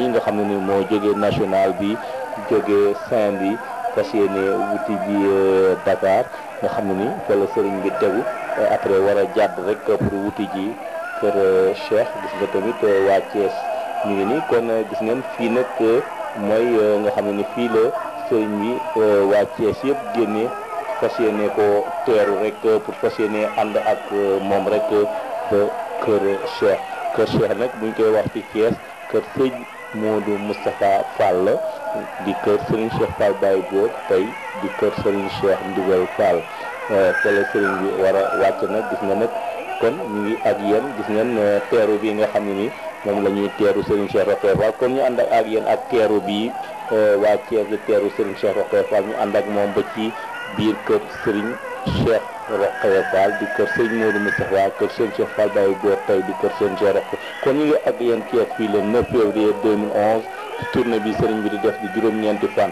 yi nga xam ne ni moo jógee national bi jóge saint bi fas yéene wuti ji euh, Dakar nga xam ne ni fa la bi tegu après war a jàdd rek pour wuti ji kër euh, Cheikh gis nga tamit euh, waa Thiès ñu ngi ni kon gis ngeen fii nag mooy nga xam ne ni fii la sëriñ bi waa Thiès yëpp génnee fas yéene ko teeru rek pour fas yéene ànd ak moom rek ba kër Cheikh kër Cheikh nag muñ koy wax ci Thiès kër sëñ Modou Moustapha Fall di kër Serigne Cheikh Fall Baye Góor tey di kër Serigne Cheikh Ndigal Fall euh, te la bi war wàcc nag gis nga nag kon ñu ngi ak yéen gis ngeen euh, teeru bi nga xam ne ni moom la ñuy teeru Serigne Cheikh Rokhaya Fall kon ñu ànd ak yéen ak teeru bi euh, waa Thiès di teeru Serigne Cheikh Rokhaya Fall ñu ànd ak moom ba ci biir kër Serigne. Cheikh Rokhaya Fall di kër sëñ Modou Moustapha kër sëñ Cheikh Fall Baye Góor tey di kër sëñ Cheikh Rokhaya kon ñu ngi ak yéen kii ak fii le 9 février 2011 bi sëriñ bi di def di juróom-ñeenti fan.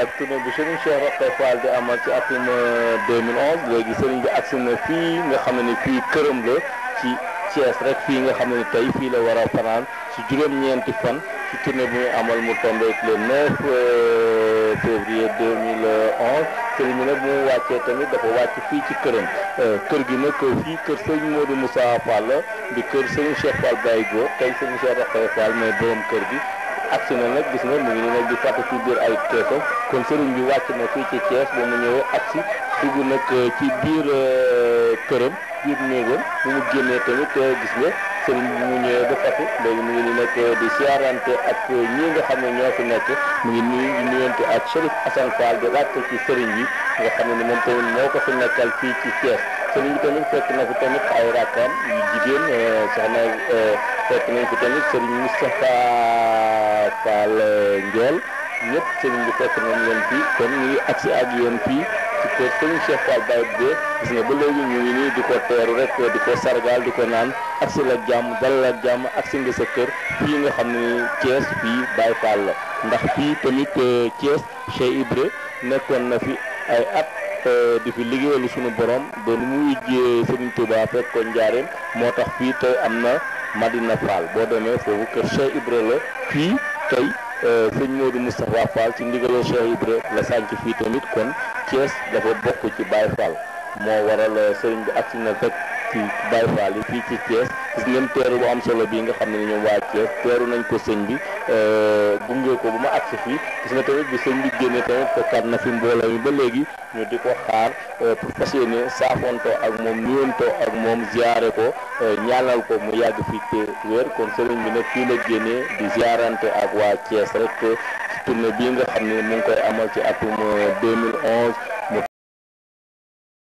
ak tournée bi Serigne Cheikh Roqe Fall di amal ci atum 2011 euh, léegi Serigne bi agsi na fii nga xam ne ni fii këram la ci Thiès rek fii nga xam ne ni tey fii la war a fanaan ci juróom-ñeenti fan ci tournée bi muy amal mu tombé le 9 euh, février 2011 Serigne bi nag mu wàccee tamit dafa wàcc fii ci këram euh, kër gi nag fii kër Serigne Modou Moussa Fall di kër Serigne Cheikh Fall Baye Góor tey Serigne Cheikh Roqe Fall mais borom kër gi. agsi na nag gis nga mu ngi nag di fàtt ci biir ay keesam kon sëriñ bi wàcc na fii ci Thiès ba mu ñëwee agsi dugg nag euh, ci biir euh, këram biir néegam bu mu génnee tamit euh, gis nga sëriñ bi mu ñëwee ba fàtt léegi mu ngi ni di siyaarante ak ñi nga xam ne ñoo fi nekk mu ngi nuyu di nuyante ak Chérif Assane Fall di laajte ci sëriñ bi nga xam ne moom tamit moo ko fi nekkal fii ci Thiès sëriñ bi tamit fekk na fi tamit ay rakkaam yu jigéen fekk nañ fi tamit sëriñ Moustapha Fall ñëpp sëriñ fekk nañ leen fii kon ñu ngi agsi ak yéen fii ci kër sëriñ Cheikh nga ba léegi di ko teeru rek di ko naan agsi la jàmm dalal jàmm agsi nga sa kër nga xam ne Thiès fii Baye Fall la ndax fii tamit euh, Thiès Cheikh Ibra nekkoon na fi ay at euh, di fi liggéeyalu sunu borom ba nu mu wujjee sëriñ Touba fekk ko njaareem moo tax fii tey am na Madina Fall boo demee foofu kër Cheikh Ibra la fii tey euh, sëñ Modou Moustapha Fall ci ndigaloo Cheikh Ibra la sànc fii tamit kon Thiès dafa bokk ci Baye Fall moo waral euh, sëriñ bi agsi na rek ci Baye Fall yi fii ci Thiès gis ngeen teeru bu am solo bii nga xam ne ni ñoom waa Thiès teeru nañ ko sëñ bi euh, gunge ko bu ma agsi fii gis nga tamit bi sëñ bi génnee tamit fekkaat na fi mbooloo mi ba léegi ñu di ko xaar euh, pour fas yéene ak moom nuyoonto ak moom ziyaare ko euh, ñaanal ko mu yàgg fii te wér kon sëriñ bi nag kii la génnee di ziyaarante ak waa Thiès rek ci tournée bii nga xam ne mu ngi koy amal ci atum 2011